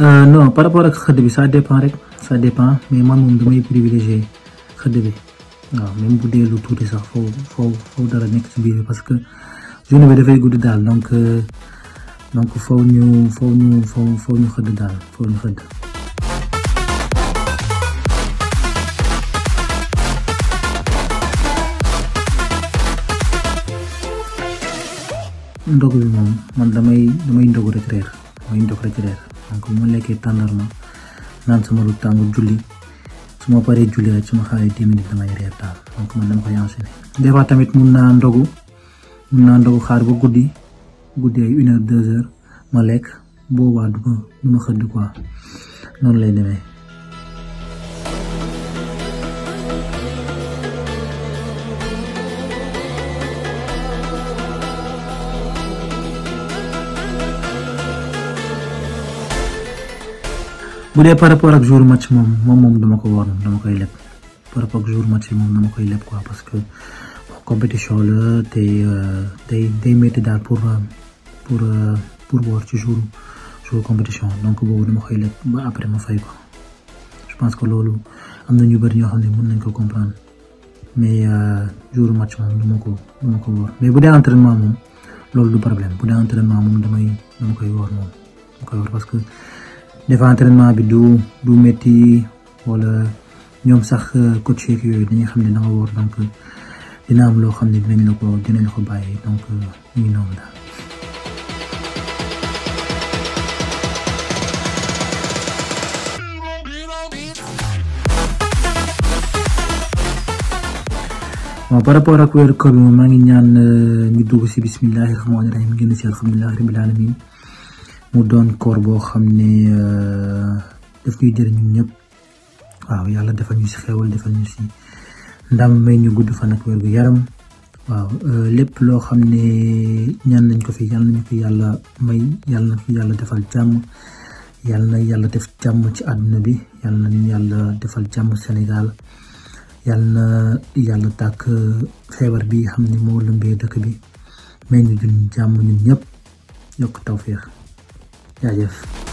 Euh, non par rapport ak xëdd bi ça dépend rek ça dépend mais man moom damay privilégier xëdd bi waaw même bu dee lu parce que journée gudd daal donc euh, foo ñu xëdd daal foo ñu xëdd. ndog bi damay damay ndog rek reer damay aku mulai ke tandar ma nan sama ruta aku juli semua pare juli aja cuma kali di minit tengah hari eta aku mana mau yang sini dia bata mit munna andogu munna andogu khar bu gudi gudi ay une heure deux heures ma lek bo wa du ma xëdd quoi non lay demee bu dee par rapport ak jour match moom moom moom dama ko woon dama koy leb par rapport ak jour match bi moom dama koy leb quoi parce que compétition la te euh, day day métti daal pour euh, pour euh, pour woor ci jour jour compétition donc boobu dama koy leb ba après ma fay ko je pense que loolu am na ñu bëri ñoo xam ne mën nañ ko comprendre mais jour match moom dama ko dama ko woor mais bu dee entraînement moom loolu du problème bu dee entraînement moom damay dama koy woor moom dama koy woor parce que def entraînement bi du du métti wala ñoom sax euh, coach yeeg yooyu dañuy xam ne da nga wóor donc dina am loo xam ne dinañ la ko dinañ la ko bàyyi donc euh, ñu ngi noonu daal. waaw par rapport ak weeru koor bi moom maa ngi ñaan euh, ñu dugg si bismillahi rahmaani rahim génn si alhamdulilahi rabbil alamin mu doon koor boo xam ne eh, daf ñuy jëriñ ñun ñëpp waaw yàlla defal ñu si xewal defal ñu si ndam may ñu gudd fan ak wér gu yaram waaw eh, lépp loo xam ne ñaan nañ ko fi yàlla nañ ko yàlla may yàlla nañu ko yàlla defal jàmm yàlla na yàlla def jàmm ci àdduna bi yàlla nañu yàlla defal jàmm Sénégal yàlla na yàlla tàkk eh, feebar bi xam ne moo lëmbee dëkk bi may ñu jun jàmm ñun ñëpp yokk tawféex adiós.